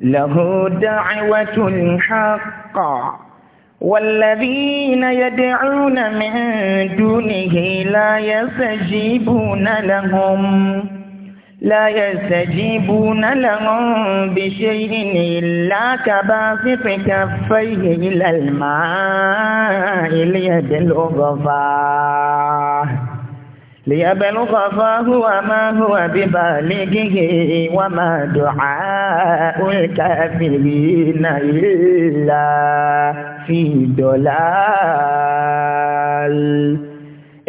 له دعوة الحق والذين يدعون من دونه لا يستجيبون لهم لا يستجيبون لهم بشيء إلا كباسط كفيه إلى الماء ليد الأغفار ليبلغ فهو ما هو ببالغه وما دعاء الكافرين إلا في ضلال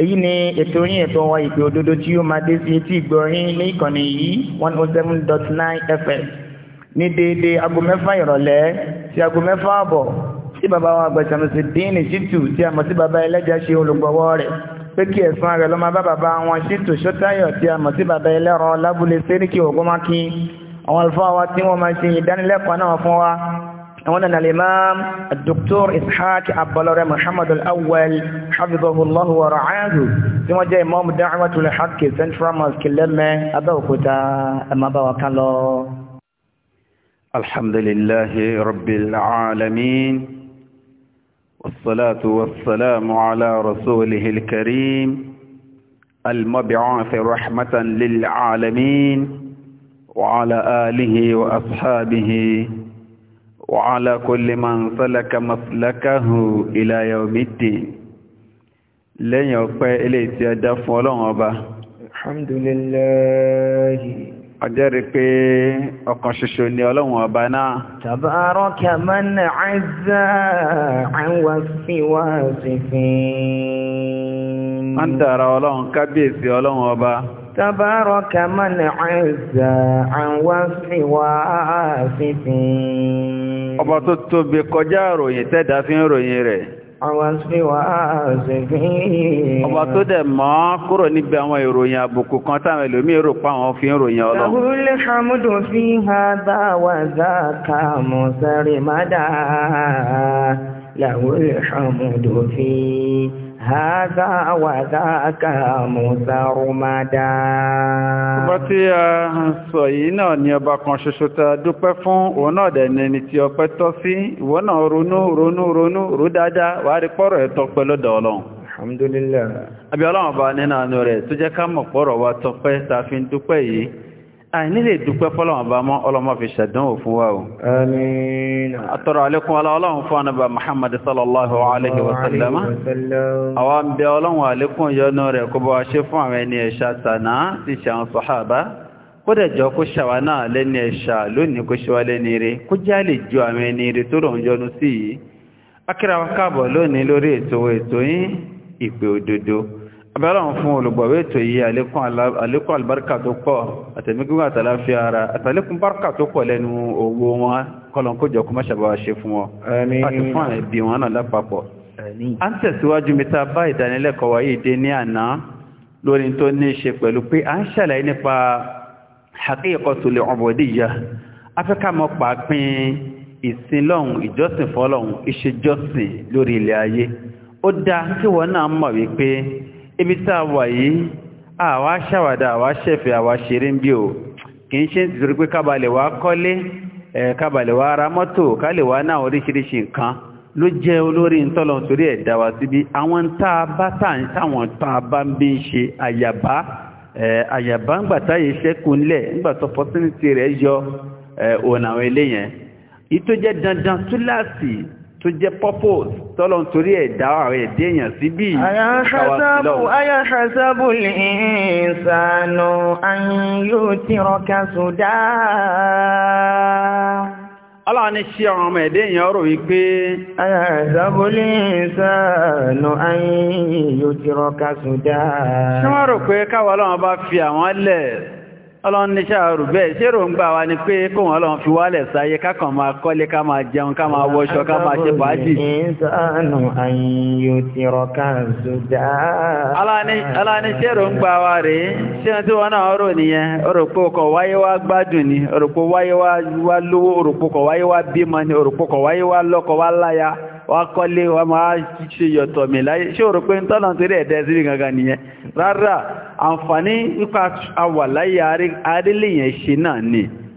èyí ni ètò yín ètò wa ìpè òdodo tí ó máa dé sí etí ìgbọ̀rin ní ìkànnì yìí one oh seven dot nine fm ní déédéé aago mẹ́fà ìrọ̀lẹ́ sí aago mẹ́fà àbọ̀ tí bàbá wa àgbàṣàmùsì dín ní títù tí a mọ̀ sí bàbá ẹlẹ́jà ṣe olùgbọ̀wọ́ rẹ̀ pé kí ẹ̀sùn rẹ̀ ló máa bá bàbá wọn ṣètò ṣótáyọ̀ tí a mọ̀ sí bàbá ẹlẹ́rọ lábúlé séríkì ògbómákí àwọn alfáà wa tí wọ́n máa ṣe ìdánilẹ́kọ̀ọ́ náà fún wa àwọn náà al dr ishaq abbalore muhammad awwal hafizahullahu wa ra'ahu tí wọ́n jẹ́ imam da'watul haqq central mosque lẹ́mẹ́ abẹ́òkúta ẹ̀mà lọ. alhamdulillahi rabbil alamin. والصلاة والسلام على رسوله الكريم المبعوث رحمة للعالمين وعلى آله وأصحابه وعلى كل من سلك مسلكه إلى يوم الدين لن يوفى إليه سيادة فولون الحمد لله Àjẹ́rí pé ọ̀kan ṣoṣo ni ọlọ́run ọba náà. Tabaraka man azza an wasi wasifin. Má ń dára ọlọ́run kábíyèsí ọlọ́run ọba. Tabaraka man azza an wasi wasifin. Ọba tó tóbi kọjá ìròyìn tẹ́dà fi ń ròyìn rẹ̀. Ọba tó dẹ̀ mọ́ kúrò níbi àwọn ìròyìn àbùkù kan táwọn ẹlòmí rò pa àwọn fi ń ròyìn ọlọ́. Ṣàhúlé Hamdu fi ha bá wà záàkà mọ̀ هذا وذاك مسرمدا Ọba tí a sọ yìí náà ọba kan ṣoṣo ta fún òun náà dẹ̀ ní ẹni tí ọpẹ́ tọ́ sí ìwọ náà ronú ronú ronú rú dáadáa wà á rí pọ́rọ̀ ẹ̀ tọpẹ́ fi àìní lè dúpẹ́ fọ́lọ́wọ̀n bá mọ́ ọlọ́mọ́ fi ṣàdánwò fún wa o. àmín. àtọrọ àlékún ọlọ́run fún ọ̀nà bá muhammad sallallahu alaihi wasallam àwọn ń bẹ ọlọ́run àlékún yọ́nú rẹ̀ kó bọ́ ṣe fún àwọn ẹni ẹ̀ṣà tànà ti ṣàwọn abẹ́lọ́run fún olùgbọ̀wé ètò yìí àlékún albarka tó pọ̀ àtẹ̀mígún àtàláfíà ara àtàlékún barka tó pọ̀ lẹ́nu owó wọn kọlọ̀kójọ kó mọ́ṣàbá ṣe fún wọn àti fún ẹbí wọn náà lápapọ̀ a ń tẹ̀síwájú mẹ́ta bá ìdánilẹ́kọ̀ọ́ wáyé dé ní àná lórí tó ní ṣe pẹ̀lú pé a ń ṣàlàyé nípa haqiqatul ubudiyyah afẹ́ká mọ́ pàápín ìsìn lọ́hùn ìjọsìn ilẹ̀ ayé ó dáa kí wọ́n náà mọ̀ wípé ibi tá a wà yìí àwa ṣàwàdà àwa ṣẹ̀fẹ̀ àwa ṣeré ń bí o kì í ṣe nítorí pé kábàlẹ̀ wá kọ́lé kábàlẹ̀ wá ra mọ́tò kálẹ̀ wá náà oríṣiríṣi nǹkan ló jẹ́ olórí ntọ́lọ̀ torí ẹ̀dá wa síbi àwọn tá táwọn tá ń bí ń ṣe àyàbá àyàbá ń gbàtá yìí ṣẹ́kù ńlẹ̀ nígbà tó opportunity rẹ̀ yọ òun àwọn eléyẹn ìtó dandan túláàsì tó jẹ́ purpose tọ́lọ̀ ń torí ẹ̀dá ààrẹ ẹ̀dẹ́ èèyàn sí bí ayáhásábù lè sànà ayò tí rọ́kà sódá ọlọ́run ní ṣe ọmọ ẹ̀dẹ́ rò wípé ayáhásábù lè sànà ayò tí rọ́kà ọlọ́run ní ṣàrù bẹ́ẹ̀ ṣé rò ń gbà wá ní pé kò wọ́n lọ́n fi wálẹ̀ sáyé kákan máa kọ́lé ká máa jẹun ká máa wọṣọ ká máa ṣe fàájì. aláàní ṣé rò ń gbà wá rèé ṣé tí wọ́n náà rò nìyẹn òròpó kọ̀ wáyé wá gbádùn ni òròpó wáyé wá lówó òròpó kọ̀ wáyé wá bímọ ni òròpó kọ̀ wáyé wá lọ́kọ wá láya. wa kọ́lé wa máa ṣe yọ̀tọ̀ mi láyé ṣé o rò pé ń tọ́nà torí ẹ̀dẹ́ síbi gangan nìyẹn rárá àǹfààní nípa àwà láyé ṣe náà ni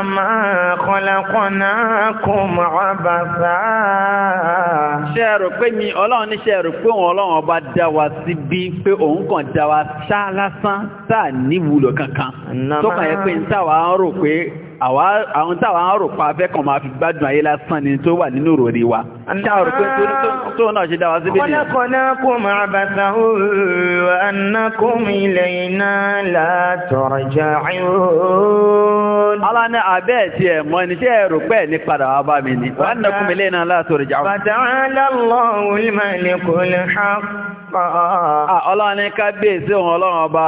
إنما خلقناكم عبثا ṣé ẹ rò pé mi ọlọ́run ní ṣé ẹ rò pé òun ọlọ́run ọba dá wa síbí pé òun kàn dá wa ṣá lásán tá à níwúlò kankan tó kàn yẹ pé ń tà wá ń rò pé àwọn táwọn arò pa afẹ́ kan máa fi gbádùn ayé lásán ni tó wà nínú òròrí wa ṣáàrò aláni abẹ́ ti ẹ̀ mọ́ ní ẹ̀rù pẹ́ ní padà wá bá mi ni wa annakum ilayna la turja'un fata'ala Allahul malikul haqq kan. Ah, ọlọ́run ní kábíyèsí òun ọlọ́run ọba.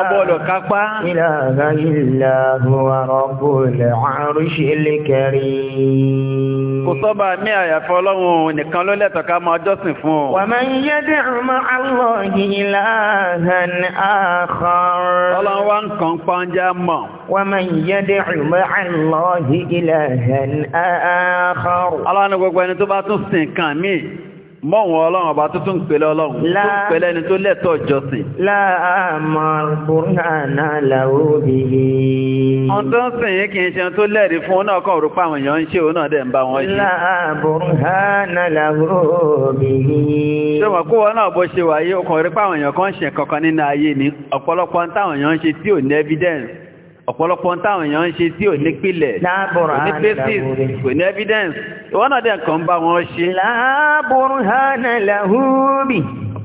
Ọba olùkápá. Ilaha illa huwa rabbul arshil karim. Kò sọ́ba mí àyàfọ́ ọlọ́run nìkan ló lẹ́tọ̀ọ́ ká máa jọ́sìn fún ọ. Wa man yad'u ma'a Allahi ilahan akhar. Ọlọ́run wá ń kàn pọ́njá mọ̀. Wa man yad'u ma'a Allahi Ọlọ́run gbogbo ẹni tó bá tún sìn kàn míì mọ́wọ́n ọlọ́run ọba tuntun pẹ̀lẹ́ ọlọ́run tún pẹ̀lẹ́ ni tó lẹ́tọ̀ jọsìn. láàmú burúkánà làwọn òbí. wọ́n tó ń sìn yín kì í ṣe tó lẹ́rìí fún un náà kàn rú àwọn èèyàn ń ṣe òun náà dẹ̀ ń bá wọn ṣe. láàmú burúkánà làwọn òbí. ṣé wọn kó wọn náà bó ṣe wáyé ọkàn rí èèyàn kan ṣe kankan nínú ayé ni ọ̀pọ̀lọpọ̀ ọ̀pọ̀lọpọ̀ táwọn èèyàn ń ṣe tí ò ní pìlẹ̀ kò ní basis kò ní evidence ìwọ́n náà bá wọn ṣe. láàbùrù hàn náà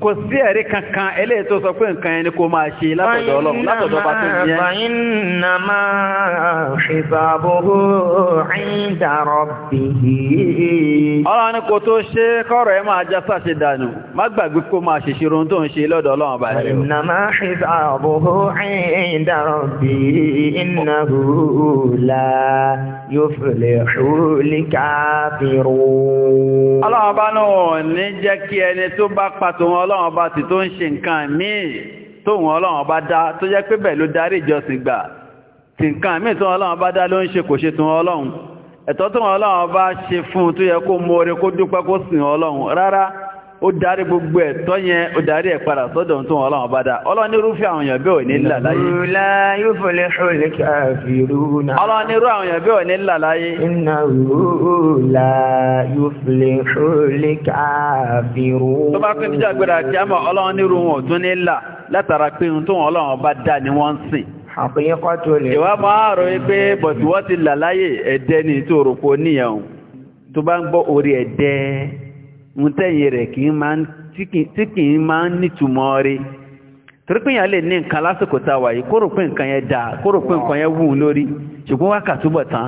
kò sí ẹ̀rí kankan ẹlẹ́ tó sọ pé nǹkan ẹni kó máa ṣe látọ̀dọ̀ ọlọ́run látọ̀dọ̀ bá tó yẹn. fàyínà máa hisabuhu inda rabbihi. ọlọ́run ní kò tó ṣe kọ́rọ̀ ẹ máa já sáṣe dànù má gbàgbé kó máa ṣèṣe ohun tó ń ṣe lọ́dọ̀ ọlọ́run bá rẹ̀. fàyínà máa hisabuhu inda rabbihi innahu la yuflihu likafirun. ọlọ́run bá náà ní jẹ́ kí ẹni tó bá pàtó wọn ọlọ́run ọba ti tó ń ṣe nǹkan míì tóun ọlọ́run ọba dá tó jẹ́ pé bẹ́ẹ̀ ló darí ìjọsìn gbà tí nǹkan míì tóun ọlọ́run ọba dá ló ń ṣe kò ṣe tún ọlọ́run ẹ̀tọ́ tóun ọlọ́run ọba ṣe fún un tó yẹ kó mọ oore kó dúpẹ́ kó sìn ọlọ́run rárá ó darí gbogbo ẹ̀tọ́ yẹn ó darí ẹ̀ padà sọ́dọ̀ tó wọn ọlọ́run bá dá ọlọ́nirúfẹ́ àwọn èèyàn bẹ́ẹ̀ ò ní là láyé. la yuflihul kafiruna. ọlọ́nirú àwọn èèyàn bẹ́ẹ̀ ò ní là láyé. innahu la yuflihul kafiruna. tó bá pín níjà gbéra kí á mọ̀ ọlọ́nirú wọn tún ní là látara pé ohun tó wọn ọlọ́run bá dá ni wọ́n ń sìn àpéyẹ́kọ́tò tó bá ń gbọ́ orí ẹ̀dẹ́ mútẹ́yìn rẹ̀ tí kì í ma n nítumọ̀ rí torípìyàn lè ní nǹkan lásìkò tá a wà yìí kóró pé nǹkan yẹn dáa kóró pé nǹkan yẹn wù ú lórí ṣùgbọ́n wá kàtúbọ̀ tán.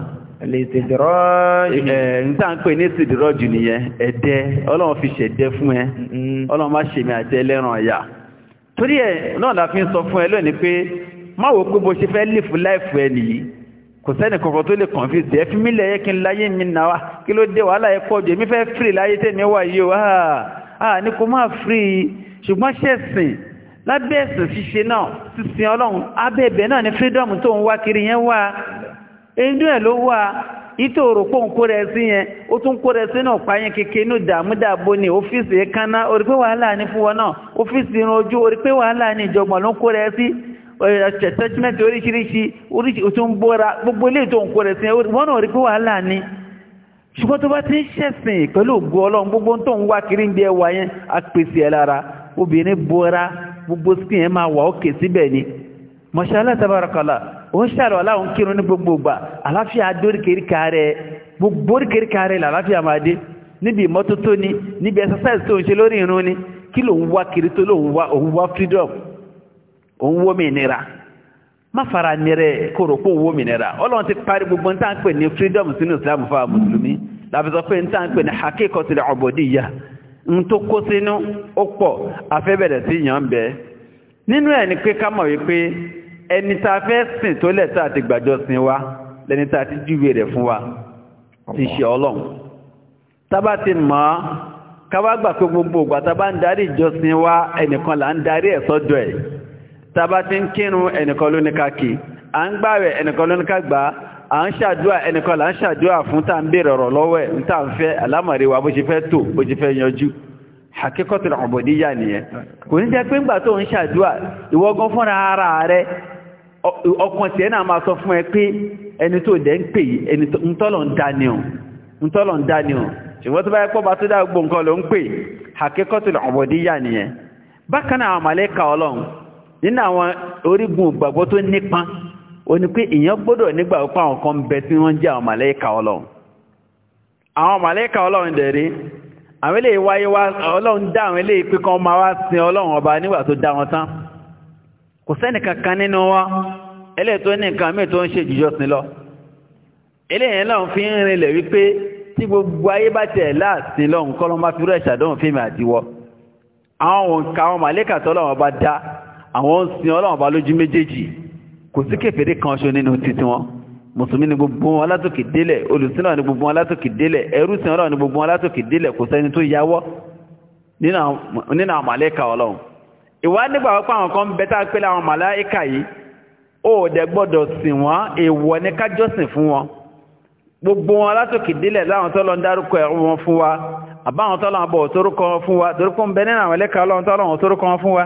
lè ṣèdúró jù. ẹ n tà ń pè ní ṣèdúró jù nìyẹn ẹ̀dẹ́ ọlọ́run fi fún ẹ mm-hmm. torí ẹ náà fi sọ fún ẹ lónìí pé má wo pé bó ṣe fẹ́ live life ẹ kò sẹ́ni kankan tó lè kọ̀nfíìsì ẹ fi mí lẹ̀ yẹ kí n láyé mi nà wá kí ló dé wàhálà yẹ pọ̀ jù èmi fẹ́ fìrì láyé tẹ̀mí wà yìí o àà ah, ah, ní kò máa fìrì ṣùgbọ́n ṣẹ̀sìn lábẹ́ ẹ̀sìn ṣíṣe náà sísìn ọlọ́run abẹ́ náà ni freedom tó ń wá kiri yẹn wá inú ẹ̀ ló wá ìtò òròpó ń kó rẹ̀ sí yẹn ó tún kó rẹ̀ sínú ọ̀pá yẹn kékeré inú dààmúdààbò ni ọ́fíìsì yẹn kaná orí pé wàhálà ni fún wọn náà ọ́fíìsì ni ìjọgbọ̀n ló ń kó attachment oríṣiríṣi oríṣiríṣi tó ń bóra gbogbo ilé tó ń kó rẹ̀ sí wọ́n náà rí pé wàhálà kiri ń bí ẹwà yẹn á pèsè ẹ̀ lára obìnrin bóra gbogbo skin yẹn máa wà ókè ni mọ̀ṣálá tabarakallah ó ń ṣàrọ̀ aláwọn kírun ní gbogbo ìgbà àláfíà adóríkèríkà rẹ̀ gbogbo oríkèríkà rẹ̀ làláfíà máa dé níbi ìmọ́tótó ni níbi exercise tó ń ṣe lórí ìrun ni kí lòun wá kiri tó lòun wá freedom òun wó mi má fara nírẹ̀ kó rò ti parí gbogbo ní tá ní freedom sínú islam fún àwọn mùsùlùmí làbísọ pé ní tá à ń pè ní hakikatul ń tó kó sínú ó pọ̀ afẹ́bẹ̀rẹ̀ sí yàn nínú ẹ̀ ni pé ká mọ̀ wípé ẹni tá a fẹ́ sìn tó ti gbàjọ sin wa lẹni tá a ti júwe rẹ̀ fún wa ti ṣe ọlọ́run gbogbo ògbà tá a bá ń darí ìjọsìn wa ẹnìkan tàbá ti ń kírun ẹnìkan ló ní ká kí à ń gbààwẹ̀ ẹnìkan ló ní ká gbà à ń ṣàdúrà ẹnìkan là ń ṣàdúrà wa bó ṣe fẹ́ tò bó ṣe fẹ́ yanjú hakikọ́tù ọ̀bọ̀díyà nìyẹn kò ní jẹ́ pé ńgbà tó ń ṣàdúrà ìwọ́gán fúnra ara rẹ ọkàn tiẹ̀ náà máa sọ fún ẹ pé ẹni tó dẹ̀ ń pè yí ẹni ntọ́lọ̀ ń dání o ntọ́lọ̀ ń dání o ṣùgbọ́n tó bá yẹ kó bá tó dá gbogbo nǹkan ló ń pè hakikọ́tù ọ̀bọ̀díyà nínú àwọn orígun ìgbàgbọ́ tó nípa o ní pé èèyàn gbọ́dọ̀ nígbà wípé àwọn kan bẹ tí wọ́n jẹ́ àwọn màlẹ́kà ọlọ́run àwọn màlẹ́kà ọlọ́run dẹ̀rí àwọn eléyìí wáyé wá ọlọ́run dá àwọn eléyìí pé kan máa wá sin ọlọ́run ọba nígbà tó dá wọn tán kò sẹ́nì kankan nínú wa eléyìí tó ní nǹkan míì tó ń ṣe jùjọ sí lọ eléyìí náà fi ń rinlẹ̀ wípé tí gbogbo ayé bá tẹ̀ láàsìn lọ́hùn kọ́ ló má fi àwọn ń sin ọlọ́run bá lójú méjèèjì kò sí kèfèrè kan ṣo nínú títí wọn mùsùlùmí ni gbogbo wọn látòkè délẹ̀ olùsínà ni gbogbo wọn látòkè délẹ̀ ẹrúsìn ọlọ́run ni gbogbo wọn látòkè délẹ̀ kò sẹ́ni tó yáwọ́ nínú àwọn màlẹ́kà ọlọ́run ìwà nígbà wọ́pọ̀ àwọn kan bẹ tá a pẹ́lẹ̀ àwọn màlẹ́kà yìí ó dẹ̀ gbọ́dọ̀ sìn wọ́n èèwọ̀ ní kájọ́sìn fún wọn gbogbo wọn látòkè délẹ̀ láwọn tọ́lọ ń dárúkọ ẹ̀rùn wọn fún wa àbáwọn tọ́lọ àbọ̀ òtórúkọ wọn fún wa torípọ̀ ń bẹ nínú àwọn ẹlẹ́ka ọlọ́run tọ́lọ òtórúkọ wọn fún wa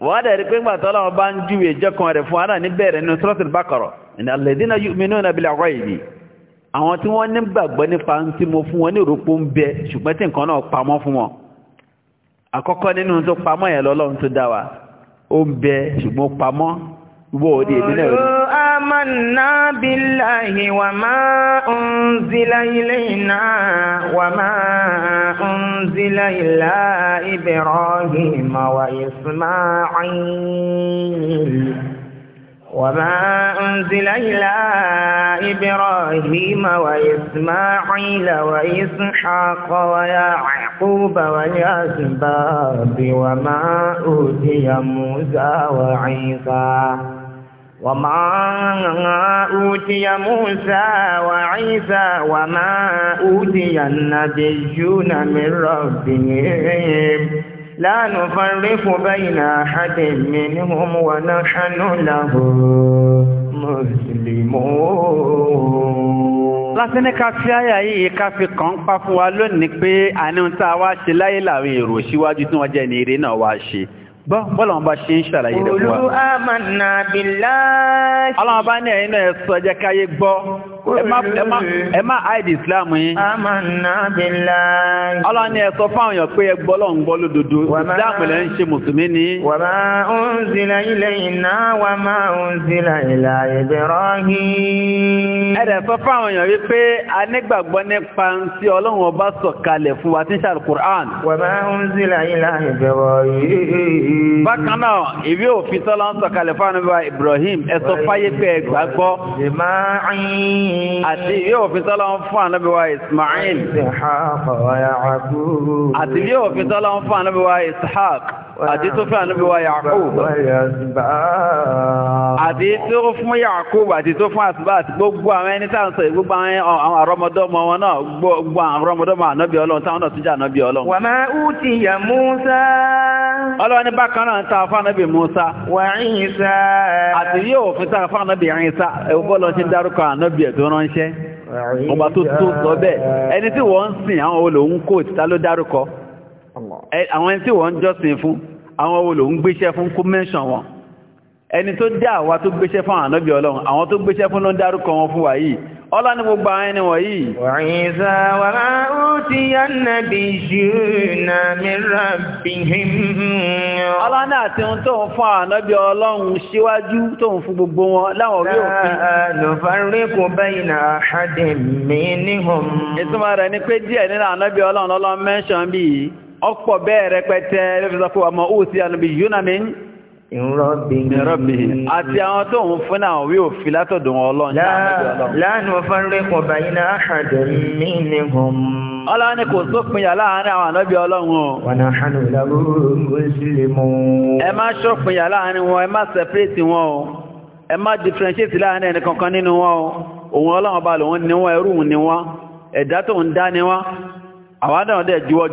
wọ́n dẹ̀ rí pé ńgbà tọ́lọ́wọ́ bá ń júwe jẹ́kan rẹ̀ fún ara níbẹ̀rẹ̀ nínú suratul Baqara ní alladhina yu'minuna bil ghaibi àwọn tí wọ́n nígbàgbọ́ nípa ń tí mo fún wọn ní òrùpó ń bẹ ṣùgbọ́n tí nǹkan náà pamọ́ fún wọn àkọ́kọ́ nínú tó pamọ́ yẹn lọ́lọ́run tó dá wa ó ń bẹ ṣùgbọ́n pamọ́ wọ́n ò dé ìdílé rẹ̀ آمنا بالله وما أنزل إلينا وما أنزل إلى إبراهيم وإسماعيل وما أنزل إلى إبراهيم وإسماعيل وإسحاق ويعقوب والأسباب وما أوتي موسى وعيسى وما أوتي موسى وعيسى وما أوتي النبيون من ربهم لا نفرق بين أحد منهم ونحن له مسلمون láti ní ká fi àyà yìí ká fi kàn ń pa fún wa lónìí pé àníhun tá a wá ṣe láyé làwọn èrò síwájú tí wọ́n jẹ́ ní eré náà wá ṣe bọ́lọ̀ bá ṣe ń ṣàlàyé rẹ̀ fún wa. olú àmàna bíláàkì. ọlọ́run ní ẹ̀yìn náà ẹ̀sọ́ jẹ́ káyé gbọ́ ẹ má àìdì islam yín. amanna billahi. Allah ni ẹ sọ fáwọn èèyàn pé ẹ gbọ́ lọ́n gbọ́ lódodo islam lẹ́ ń ṣe mùsùlùmí ni. wa ma unzila ilayna wa ma unzila ila Ibrahim. ẹ dẹ̀ sọ fáwọn èèyàn wípé a nígbàgbọ́ nípa ń tí ọlọ́run ọba sọ̀kalẹ̀ fún wa tí ń ṣe alukur'an. wa ma unzila ila Ibrahim. bákan náà ìwé òfin tọ́lá ń sọ̀kalẹ̀ fún àwọn Ibrahim ẹ sọ fáyé àti ilé òfin tọ́lá ń fún ànábì wa Ismail àti ilé òfin tọ́lá ń fún ànábì wa Ishaq àti tó fún ànábì wa Yaqub àti tó fún Yaqub àti tó fún àtúbà àti gbogbo àwọn ẹni tá à ń sọ gbogbo àwọn àrọmọdọ́mọ wọn náà gbogbo àwọn àrọmọdọ́mọ ànábì Ọlọ́run táwọn náà tún jẹ́ ànábì Ọlọ́run. wàmà útì yà Musa. Ọlọ́run ní bákan náà ń ta fún ànábì Musa. wà á yin sá. àti yóò fi ta fún ànábì Isa ẹ̀wọ́n bọ́ọ̀lù ti dárúkọ ànábì ẹ̀ tó tó ránṣẹ́ ọba tó tó sọ bẹ́ẹ̀ ẹni tí wọ́n ń sìn àwọn wo ló ń kó ìtìta ló dárúkọ àwọn ẹni tí wọ́n ń jọ́sìn fún àwọn wo gbéṣẹ́ fún kó mẹ́ṣàn wọn ẹni tó dá tó gbéṣẹ́ fún ànábì ọlọ́run àwọn tó gbéṣẹ́ fún ló ń dárúkọ wọn fún wa yìí ọlá ní gbogbo àwọn ẹni wọ̀nyí. wà ó ti yá mìíràn bí i. Ọlá tó ń fún ànábì ọlọ́run síwájú tó ń fún gbogbo wọn láwọn orí òfin. kò báyìí na àhádẹ mi níhùn. Ìtumọ̀ rẹ̀ ni pé díẹ̀ nínú ànábì ọlọ́run lọ́lọ́ mẹ́ṣàn ìrọ́bìnrin àti àwọn tó ń fún náà wí òfin látọ̀dọ̀ wọn ọlọ́run láàánú fárẹ́ ọba iná àṣàdẹ̀ mí ní hàn ọlá ní kò sópinya láàárín àwọn ànábí ọlọ́run wọn àhánù ìlàrúurú mú ẹ má sópinya láàárín wọn ẹ má separate wọn o ẹ má differentiate láàárín ẹni kankan nínú wọn o òun ọlọ́run bá lòun ní wọn ẹrú ni wọn ẹ̀dá tó dá ni wọn àwọn àdáwọn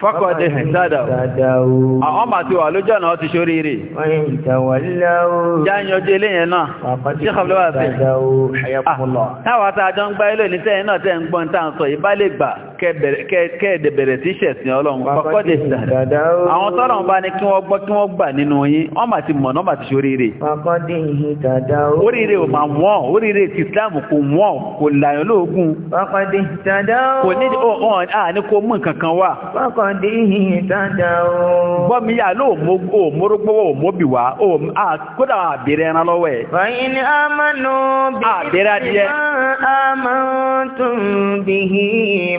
fọ́kọ̀dé ìsádà àwọn máa ti wà lójú ọ̀nà ti ṣorí rí jáyànjú eléyìn náà tí kọ̀lọ́wà sí táwàtà àjọ ń gbá ilé ní tẹ́yìn náà tẹ́ ń gbọ́n tàà sọ ìbá kẹ́ẹ̀dẹ̀ bẹ̀rẹ̀ sí ṣẹ̀sìn ọlọ́run pàkọ́dé sàdá àwọn tọ́lọ̀ bá ní kí wọ́n gbọ́ kí wọ́n gbà nínú yín wọ́n mà ti mọ̀ náà mà ti ṣoríire oríire ò mà wọ́n oríire ti Islam kò wọ́n kò láyọ̀ lóògùn pàkọ́dé sàdá kò ní ọ̀hún àní kò mú nǹkan kan wà pàkọ́dé sàdá bí i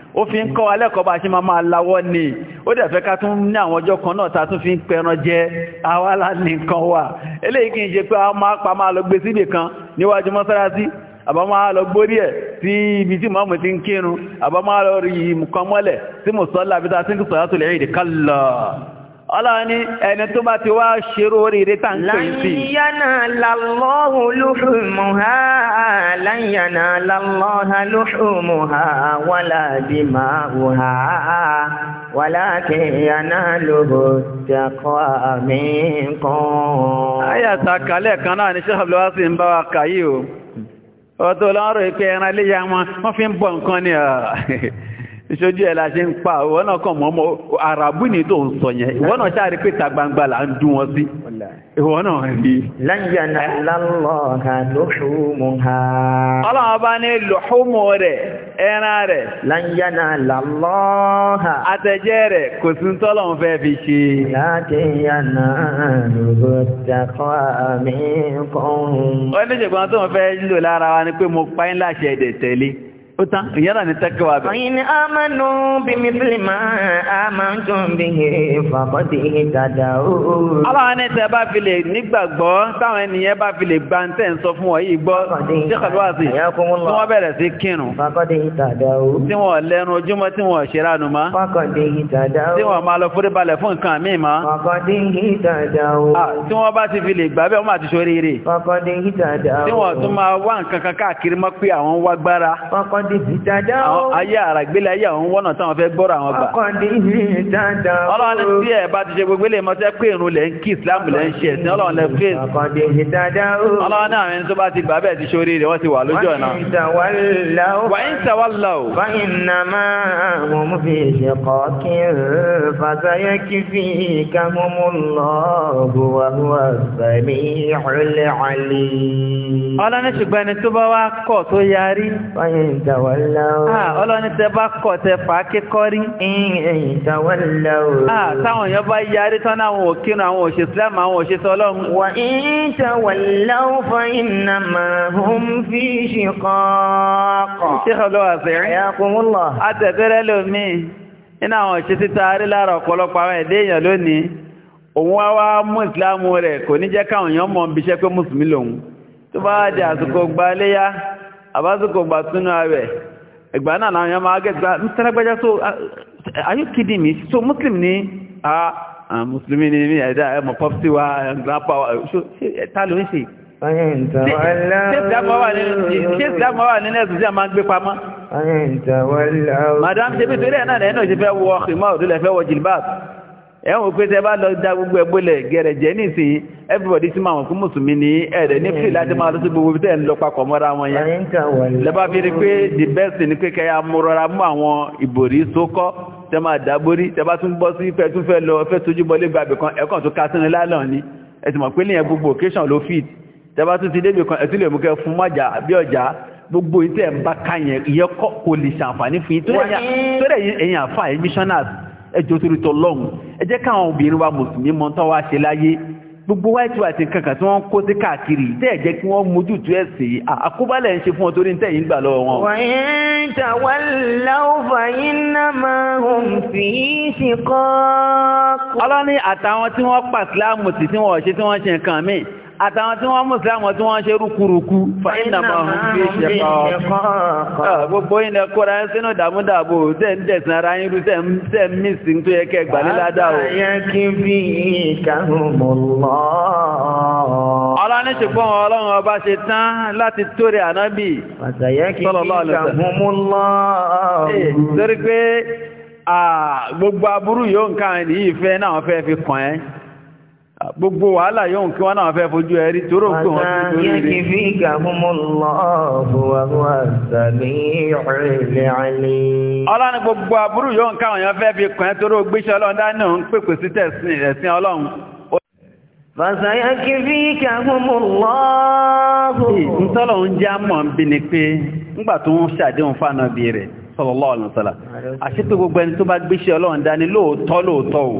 ó fi ń kọ́ alẹ́kọ̀ọ́ bá ṣe máa máa ni ó dẹ̀ fẹ́ ká tún ní àwọn ọjọ́ kan náà ta tún fi ń jẹ awálá nìkan wà eléyìí kìí ṣe pé a pa máa lọ gbé síbì kan níwájú mọ́sálásí àbá lọ gbórí ibi tí mọ́mù ti ọlọ́run ní ẹni tó bá ti wá ṣerú oríire tá ń pè é sí. láyìnyánà lálọ́hùn lóhùnmù ha láyìnyánà lálọ́hùn lóhùnmù ha wàlá bí máa wù ha wàlákin yánà lóhùn jàkọ́ àmì kan. ayàtà kalẹ̀ kan náà ní sẹ́fàbílẹ̀ wá sí ń bá wa kà o ọ̀tọ̀ lọ́rọ̀ ìpẹ́ ẹran iléyà wọn wọ́n fi ń bọ̀ nǹkan ni ah. ìṣojú ẹ̀ la ṣe ń pa ìwọ náà kàn mọ́mọ́ àràbù ní tó ń sọ yẹn ìwọ náà ṣáà rí pé ta gbangba là ń dún wọn sí ìwọ náà rí. lẹ́yìn lálọ́ọ̀gá lóṣùmù ha. ọlọ́run bá ní lùhùmù rẹ̀ ẹran rẹ̀. lẹ́yìn lálọ́ọ̀gá. àtẹ̀jẹ́ rẹ̀ kò sí tọ́lọ́run fẹ́ fi ṣe. látìyànà ló dàkọ́ mi kọ́. ó ní ṣègbọ́n tó ń fẹ́ lò lára wa ni pé mo pa ń láṣẹ ẹ̀dẹ̀ tẹ̀lé ó tán ìyára ní tẹ́kẹ̀wà bẹ̀. ọ̀yìn ni a máa nù bí mi fi máa a máa ń tún bí i fàkọ́dì dada ooo. aláwọn ẹni tẹ bá fi lè nígbàgbọ́ táwọn ènìyàn bá fi lè gba ń tẹ̀ ń sọ fún ọ yìí gbọ́ tí kàlúwàsì tí wọ́n bẹ̀rẹ̀ sí kírun. fàkọ́dì dada ooo. tí wọ́n lẹ́nu ojúmọ́ tí wọ́n ṣe ránu mọ́. fàkọ́dì dada ooo. tí wọ́n máa lọ fúrí balẹ̀ fún nǹkan míì mọ́. ti fi lè gbà bẹ́ẹ̀ wọ́n máa ti ṣoríire. fàkọ́dì dada ooo. tí wọ́n tún máa wá nǹkan fàkọ́d Ọkọ̀dì ìdàdá ó. Ayé àrà gbélé ayé àwọn wọ́nà táwọn fẹ́ gbọ́rọ̀ àwọn gbà. Ọkọ̀dì ìdàdá ó. bá ti ṣe gbogbo ilé mọ́ pé ìrun lẹ̀ ń kí ìsìlámù lẹ̀ ń ṣe ẹ̀sìn ọlọ́run lẹ̀ fèsì. Ọkọ̀dì náà àwọn tó bá ti gbà ti ṣorí rẹ̀ wọ́n ti wà lójú ọ̀nà tawallau. Ah, ọlọ́ni tẹ bá kọ̀ tẹ fà á kíkọ́ rí. ẹ̀yìn tawallau. Ah, iná àwọn òṣè títa lára ọ̀pọ̀lọpọ̀ àwọn ẹ̀dẹ́ èèyàn lónìí òun wá wá mú ìsìlámù rẹ̀ kò ní jẹ́ káwọn èèyàn mọ̀ bí iṣẹ́ pé mùsùlùmí lòun tó bá dé àsìkò gbalẹ́yà àbásùkò gbà sínú ààrẹ ìgbà náà àwọn yàmà agẹ́gbà mítẹ́lẹ́gbẹ́já so uh, are you kidding me so muslim ni a ah, ah, musulmi ni mi ẹ̀dá ẹmọ pọ́psí wa ẹ̀gbàpá wa ta ló ń ṣe ṣé ìsìlámọ́ wà nínú ẹ̀sùn sí àmà gbé pamọ́ madam ṣe bí torí ẹ̀ náà ẹ̀nà ìṣẹ́fẹ́ wọ ẹ̀wọ̀n pé tẹ bá lọ dá gbogbo ẹgbẹ́lẹ̀ gẹ̀rẹ̀ jẹ́ nísìn everybody tí máa wọn fún mùsùlùmí ní ẹ̀rẹ̀ ní free láti máa lọ́sí gbogbo tẹ́ ń lọ papọ̀ mọ́ra wọn yẹn lẹ́bàá fi rí pé the best ni pé kẹ́yà mú rọra mú àwọn ìbòrí sókọ́ tẹ máa dábórí tẹ bá tún bọ́ sí fẹ́ tún fẹ́ lọ fẹ́ tójú bọ́lé gbàgbé kan ẹ̀kọ́ tó ká sínú lálọ́ ni ẹ ti mọ̀ pé lẹ́yìn gbogbo occasion ló tẹ bá ń bá ká yẹn kò lè ṣàǹfààní fún yín tó rẹ̀ yín ẹ̀yìn àfáà yín missionaries ẹjọ́ torí tọlọ́hun ẹ jẹ́ káwọn obìnrin wa mùsùlùmí mọ tán wá ṣe láyé gbogbo wáìtì àti kankan tí wọ́n kó sí káàkiri tẹ́ ẹ̀ kí wọ́n mójútó ẹ̀sìn àkóbálẹ̀ ń ṣe fún ọ torí tẹ́yìn gbà lọ́wọ́ wọn. wàyẹn tàwa láwùfà yín náà máa hùn sí ṣe kọ́. ọlọ́ni àtàwọn tí wọ́n pàṣẹ láàmùtì tí wọ́n ṣe tí wọ́n ṣe nǹkan míì àtàwọn tí wọ́n mùsùlùmí tí wọ́n ṣe rúkúrúkú fàínà máa ń fi ṣe pa ah, gbogbo ilẹ̀ kọ́ra ẹ́ sínú dàmúdàbò tẹ́ ń dẹ̀sìn ara yín rú tẹ́ ń mísìn tó yẹ kẹ́ gbà níládà o. ọlá ní ṣùgbọ́n ọlọ́run ọba ṣe tán láti tóri ànábì sọ́lọ́lọ́ eh, ah, gbogbo aburú yóò nǹkan ẹni yìí fẹ́ náà fi kàn gbogbo wàhálà yóò kí wọ́n náà fẹ́ fojú ẹ̀rí tó rò pé wọ́n ti torí rẹ̀. yẹ́kì fi gàmúmọ́lọ́ọ̀bù àwọn àṣàbí ìrìnlẹ̀ àlè. ọlọ́ni gbogbo àbúrú yóò káwọn èèyàn fẹ́ fi kàn ẹ́ tó rò gbéṣẹ́ ọlọ́run dáná ń pèpè sí tẹ̀sìn ẹ̀sìn ọlọ́run. fàṣàyẹ́kì fi gàmúmọ́lọ́ọ̀bù. ntọ́lọ̀ ń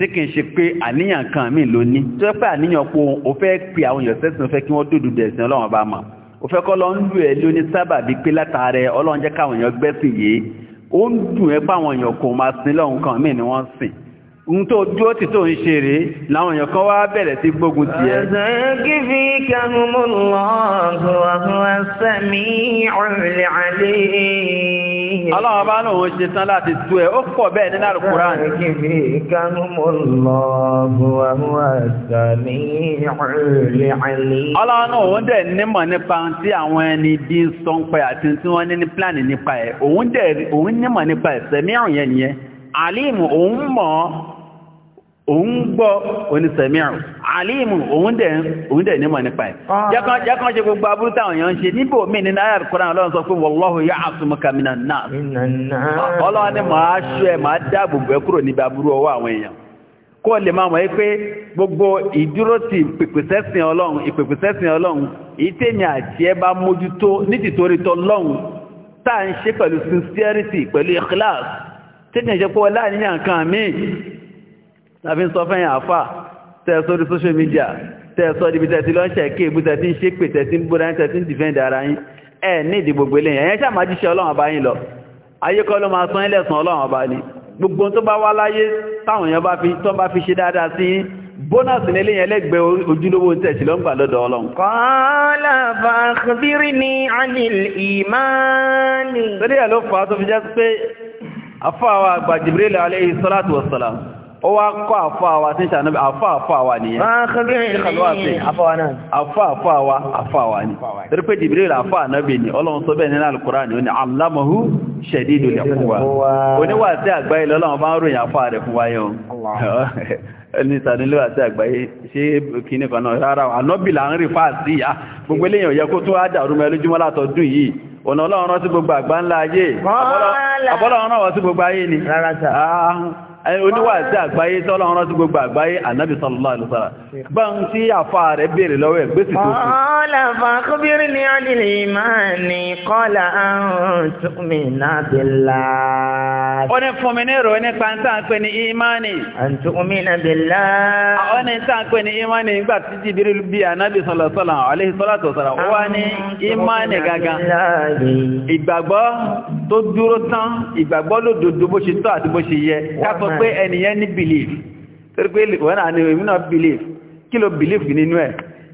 tí kìí ṣe pé àníyàn kan mi ló ní tó yẹ pé àníyàn po o fẹ́ pe àwọn èèyàn sẹ́sìn o fẹ́ kí wọ́n dòdò dẹ̀sìn ọlọ́run ọba mọ̀ o fẹ́ kọ́ lọ ń lù ẹ́ lóní sábàbí pé látàrẹ ọlọ́run jẹ́ káwọn èèyàn gbẹ́sìn yìí ó ń dùn ẹ́ pé àwọn èèyàn kò máa sin lọ́run kan mi ni wọ́n sìn ń tó dúró tí tó ń ṣe rè láwọn èèyàn kan wá bẹ̀rẹ̀ sí gbógun tì ẹ́. ọ̀sán kí Ọlọ́run bá náà wọ́n ṣe tán láti tú ẹ, ó pọ̀ bẹ́ẹ̀ nínú Al-Qur'an. Ọlọ́run náà òun dẹ̀ nímọ̀ nípa tí àwọn ẹni bí ń sọ ń pẹ àti tí wọ́n ní ní pláàni nípa ẹ̀. Òun nímọ̀ nípa ẹ̀sẹ̀ mírùn òun gbọ́ onísẹ̀míọ̀ alíìmù òun dẹ̀ nímọ̀ nípa ẹ̀ ah. jẹ́kan ṣe gbogbo aburú táwọn èèyàn ṣe níbò mí ní náírà kúrán ọlọ́run sọ pé wallahu ya'asumuka minan nas ọlọ́run ni máa ṣọ́ ẹ máa dáàbò bẹ́ kúrò níbi aburú ọwọ́ àwọn èèyàn kó lè máa mọ̀ pé gbogbo ìdúró ti ìpèpèsẹ́sìn ọlọ́run ìpèpèsẹ́sìn ọlọ́run ìtẹ́mi àti ẹ bá mójútó ní tìtorí tọ́lọ́run tá à ń ṣe pẹ̀lú láfi ń sọ fẹ́yìn àfà tẹ́ẹ̀sọ́ orí social media tẹ́ẹ̀sọ́ ibi tẹ́ẹ̀tí lọ́ṣẹ̀ kí ebú tẹ́ẹ̀tí ń ṣe pè tẹ́ẹ̀tí ń búra tẹ́ẹ̀tí ń defend ara yín ẹ̀ ní ìdìbò gbélé yẹn ẹ̀yẹ́ sàmà jíṣẹ́ ọlọ́run ọba yín lọ ayé kọ́ ló máa san ẹlẹ́sùn ọlọ́run ọba ni gbogbo tó bá wá láyé táwọn èèyàn bá fi tó bá fi ṣe dáadáa sí bónàsì nílé yẹn ọlọ́run. kọ́lá fàkìrì ní anil ìmáàlì. tó fi salatu wa ó wá kọ́ àfọ́ àwa tí ń ṣànàbí àfọ́ àfọ́ àwa nìyẹn àfọ́ àfọ́ àwa àfọ́ àwa ni torí pé Jibril àfọ́ ànábì ni ọlọ́run sọ bẹ́ẹ̀ nínú Al-Qur'ani ó ní allamahu shadidul quwa oníwà sí àgbáyé lọ́lọ́run bá ń ròyìn àfọ́ rẹ̀ fún wáyé ẹni ìsànilé àti àgbáyé ṣe kìíní kan náà rárá ànábì là ń rí fáà sí ìyá gbogbo eléyàn yẹ kó tó ájàrúmọ ẹlójúmọ́ látọdún yìí ọ̀nà ọlọ́run rántí gbogbo àgbá ńlá ayé àbọ́lọ́run náà wọ́n sí gbogbo ayé ni oníwàásí àgbáyé tọ́lọ́run rántí gbogbo àgbáyé ànábì sallallahu alaihi bá ń tí àfà rẹ̀ béèrè lọ́wọ́ ẹ̀ gbèsè tó kù. qala imani qala an tu'mina billah. ó ní fún mi ní ìrò nípa an tu'mina billah. ó ní tàn pé ní ìmánì nígbà tí jìbìrì bí ànábì sallallahu alaihi wasallam ó wá ní ìmánì gangan ìgbàgbọ́ tó dúró tán ìgbàgbọ́ lódodo bó ṣe tọ́ àti mọ̀ pé ẹnìyẹn ní belief torí pé wọ́n náà ní ìmúnà belief kí ló belief nínú ẹ̀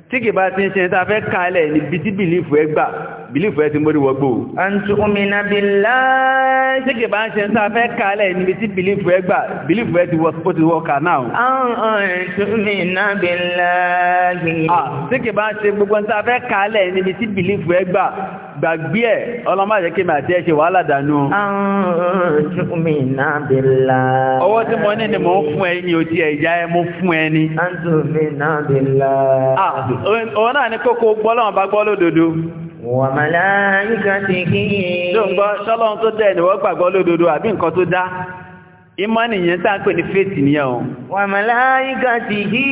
tí kìí bá ti ń ṣe tá a fẹ́ kàálẹ̀ níbi tí belief ẹ gbà belief ẹ ti mórí wọgbó. àǹtùkùnmínà billahi. tí kìí bá ń ṣe tá a fẹ́ kàálẹ̀ belief ẹ belief ẹ ti wọ ti wọ kà náà. àǹtùkùnmínà billahi. tí kìí bá ń ṣe gbogbo tá a fẹ́ kàálẹ̀ níbi tí belief ẹ gbàgbé ẹ̀ ọlọ́mọ́jẹ́ kí màá tí ẹ ṣe wàhálà dànù. ọwọ́ tí mo ní ni mo ń fún ẹ ní ojú ẹ̀yà ẹ mo fún ẹ ní. Ah, òun náà ni kókó gbọ́lọ́wọ́n bá gbọ́ lódodo. Wà màláyíká ti kí. Lóògbọ́ sọ́lọ́run tó dẹ̀ ni wọ́n gbàgbọ́ lódodo àbí nǹkan tó dá ìmánì yẹn tá ń pè ní faith nìyẹn o. wà màláíkà ti hí.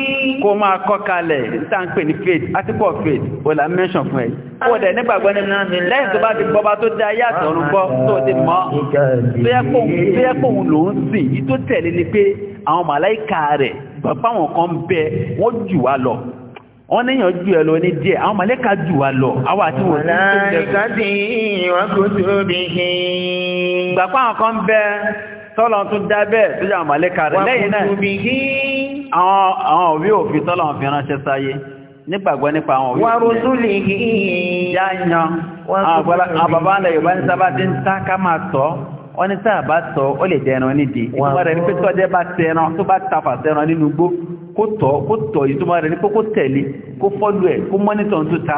kó máa kọ́ kalẹ̀ tá ń pè ní faith article of faith o la fún ẹ. kó dẹ̀ nígbàgbọ́ ní lẹ́yìn tó bá ti gbọ́ bá tó dá ayé àtọ̀run gbọ́ tó ti mọ́ tó yẹ kó òun wọ́n níyàn jù ẹ lọ ní díẹ̀ àwọn màláíkà jù wá lọ àwọn àti wọ́n tó ń bẹ̀rù. màláíkà ti wọ́n àwọn kan bẹ tọ́lọ̀ tún dá bẹ́ẹ̀ tó jà màlẹ́kà rẹ̀ lẹ́yìn náà àwọn òbí òfin tọ́lọ̀ fi ránṣẹ́ sáyé nígbàgbọ́ nípa àwọn òbí wàrúsúlì yáyan àwọn bàbá ńlẹ̀ Yorùbá ní sábà tí ń tá ká máa tọ́ wọ́n ní sáà bá tọ́ ó lè dẹran nídìí ìtumọ̀ rẹ̀ ní pé tọ́jẹ́ bá tẹran tó bá tafà tẹran nínú igbó kó tọ́ kó tọ́ ìtumọ̀ rẹ̀ ní pé kó tẹ̀lé kó fọ́lù ẹ̀ kó mọ́nítọ̀ tó ta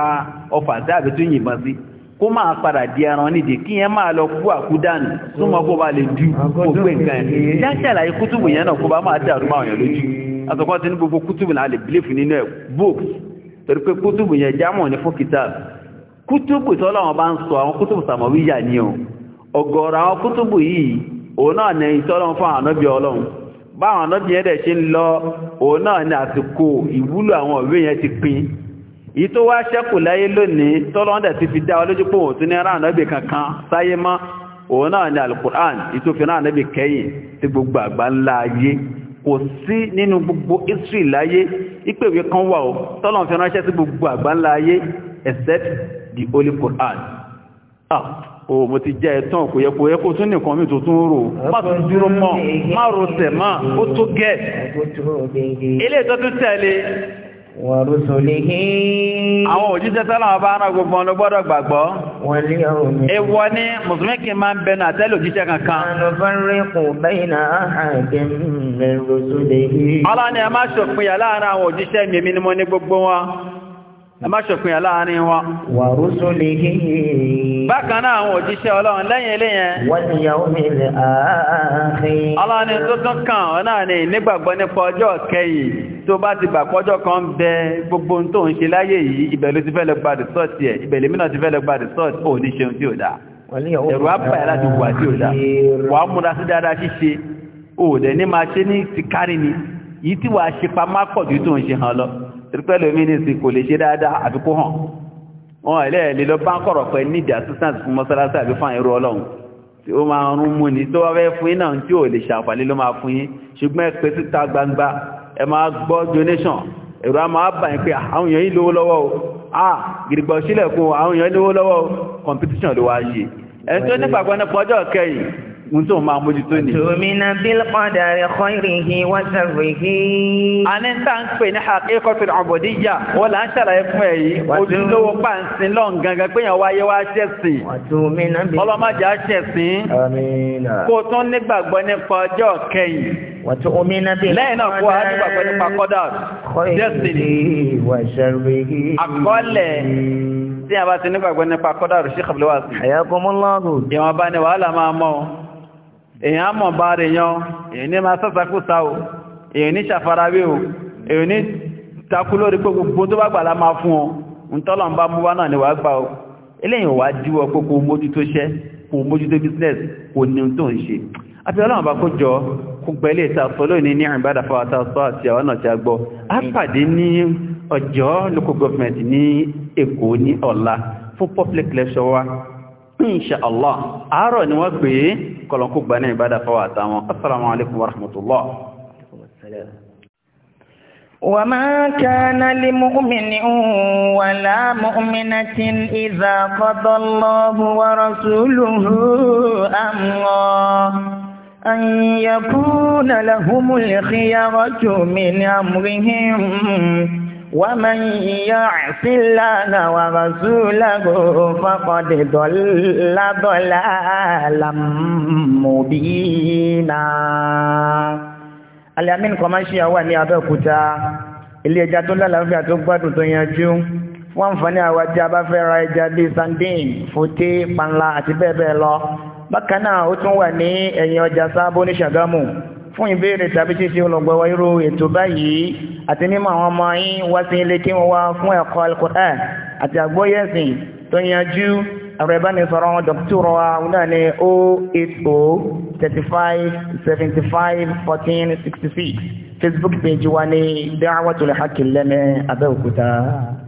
ọfà sí àbẹ̀tún yìnbọn sí kó máa padà di ẹran nídìí kí yẹn máa lọ kú àkúdánù súnmọ́ kó bá lè ju òpé nǹkan ẹ̀ jáṣẹ́ àlàyé kútùbù yẹn náà kó bá máa dàrú máa yàn lójú àtọ́kọ́ tí ní gbogbo kútùbù náà lè bílífù nínú ẹ̀ books torí pé kútùbù yẹn jámọ̀ ní fún kìtàb kútùbù tọ́lọ́wọ́n bá ń sọ àwọn kútùbù sàmọ̀wíyà ni o ọ̀gọ̀ọ̀rọ̀ àwọn kútùbù yìí òun náà ní ìtọ́lọ́wọ́n fún àwọn ànábì ọlọ́run báwọn ànábì yẹn dẹ̀ ṣe ń lọ òun náà ní àsìkò ìwúlò àwọn ìwé yẹn ti pin yìí tó wá ṣẹ́kù láyé lónìí tọ́lọ́ndẹ̀ ti fi dá olójú pò tí ní ara ànábì kankan sáyé mọ́ òun náà ni alukur'an yìí tó fi rán ànábì kẹ́yìn tí gbogbo àgbà ńlá ayé kò sí nínú gbogbo history láyé ìpèwé kan wà ó tọ́lọ́n fi ránṣẹ́ sí gbogbo àgbà ńlá ayé except the holy Quran ah o mo ti jẹ́ ẹ̀tàn kò yẹ kò yẹ kó tún nìkan mi tó tún rò má tún dúró mọ́ má rò tẹ̀ má ó tó gẹ̀ ilé ìtọ́tún tẹ̀lé wàrúsòlìhí. Àwọn òjíṣẹ́ tọ́lá ọba ara gbogbo ọ̀nà gbọ́dọ̀ gbàgbọ́. Wọ́n lé omi. Ewọ ní musulmi kì máa ń bẹ náà òjíṣẹ́ kankan. Àlùfáàrẹ́kù ni mo gbogbo Bákan náà àwọn òjíṣẹ́ Ọlọ́run lẹ́yìn Wọ́n yà tó tún kàn nígbàgbọ́ nípa ọjọ́ kẹyìn. tó bá ti bà kọjọ́ kan bẹ gbogbo tó ń ṣe láyé yìí ìbẹ̀lú ti fẹ́lẹ̀ gbà rìsọ́ọ̀tì ẹ̀ ìbẹ̀lẹ̀ mìíràn ti fẹ́lẹ̀ gbà rìsọ́ọ̀tì ò ní ṣeun tí ò dáa ẹ̀rù àpàyà láti wà tí ò dáa wà á múra sí dáadáa ṣíṣe ò dẹ̀ ní máa ṣe ní ti kárí ni yìí tí wà á ṣe pamá pọ̀ ju tó ń ṣe hàn lọ tìrìpẹ́lẹ̀ mi ní ìsìn kò lè ṣe dáadáa àfikún hàn wọn ẹ̀lẹ́ lè lọ bá kọ̀rọ̀ pẹ̀ ní ìdí assistance fún mọ́sálásí àbí fún àìrò ọlọ́run tí ó máa rún mú ní tó wá fẹ́ fún yín náà tí ò lè ṣàǹfààní ló máa fún yín ṣùgbọ́n ẹ pẹ́ síta gbangba ẹ máa donation ẹ̀rọ a máa bàyìn pé àwọn èèyàn yìí lówó lọ́wọ́ ah gidigbà sílẹ̀ àwọn èèyàn lówó lọ́wọ́ competition ló wá yìí ẹ̀ tó nígbàgbọ́ nípa ọjọ́ kẹyìn ń tó máa mójútó ni. Tòmínà bíl qadari khairihi wa sharrihi. A ní tá ń pè ní haqiqatul ubudiyya, wọ́n là ń ṣàlàyé fún ẹ̀ yìí, ojúlówó pàǹsìn lọ́n gangan pé yàn wáyé wá ṣẹ̀sìn. Ọlọ́mọdé á ṣẹ̀sìn. Kó tún nígbàgbọ́ nípa ọjọ́ kẹyìn. Lẹ́yìn náà kó a nígbàgbọ́ nípa kọ́dà. Khairihi wa sharrihi. Àkọọ́lẹ̀ tí a bá ti nígbàgbọ́ nípa kọ́dà rẹ̀ ṣe kàbílẹ̀ wá sí. Àyàkùnmọ́lọ́gùn. Ìwọ̀n bá ní wàhálà máa mọ́ èyàn mọ̀ bá rẹ̀ yan èyàn ní máa sọ́sàkúta o èyàn ní ṣàfarawé o èyàn ní takú lórí pé gbogbo tó bá gbàlá máa fún ọ ń tọ́lọ̀ ń bá mú wá náà ni wà gbà o eléyìn wà díwọ́ pé kò mójú tó ṣẹ́ kò mójú tó business kò ní tó ń ṣe àti ọlọ́run bá kó jọ kó gbẹ ilé government ní Èkó ní ọ̀la fún insha Allah àárọ̀ ni wọ́n pè é kọlọ̀kú gbà ní ìbádà fọwà àtàwọn assalamu alaikum warahmatullah وما كان لمؤمن ولا مؤمنة إذا قضى الله ورسوله أمرا أن يكون لهم الخيرة من أمرهم ومن يعلم yàtí lánà wà rọ̀súlàgò fọ́kàndé dọ́làdọ́là làmùbínà. Aliamin Commercial wà ní Abẹ́òkúta, ilé ẹja tó lálàáfíà tó gbádùn tó yanjú. Wọ́n ń fọ́ ní àwọn ajá bá fẹ́ ra ẹja bíi sandin, fòté, panla àti bẹ́ẹ̀ bẹ́ẹ̀ lọ. Bákan náà, ó tún wà ní ẹ̀yìn ọjà sábó ní Ṣàgámù fún ìbéèrè tàbí ṣíṣe olùgbọ́ irú ètò báyìí àti mímọ̀ àwọn ọmọ yín wá sí ilé kí wọ́n wá fún ẹ̀kọ́ Al-Qur'an àti àgbóyẹ̀sìn tó yanjú àrẹ̀bánisọ̀rọ̀ wọn dọ̀kítọ̀rọ̀ náà ní 080 35 75 14 66 Facebook page wa ní Da'watul Haqq Lẹ́mẹ̀ Abẹ́òkúta.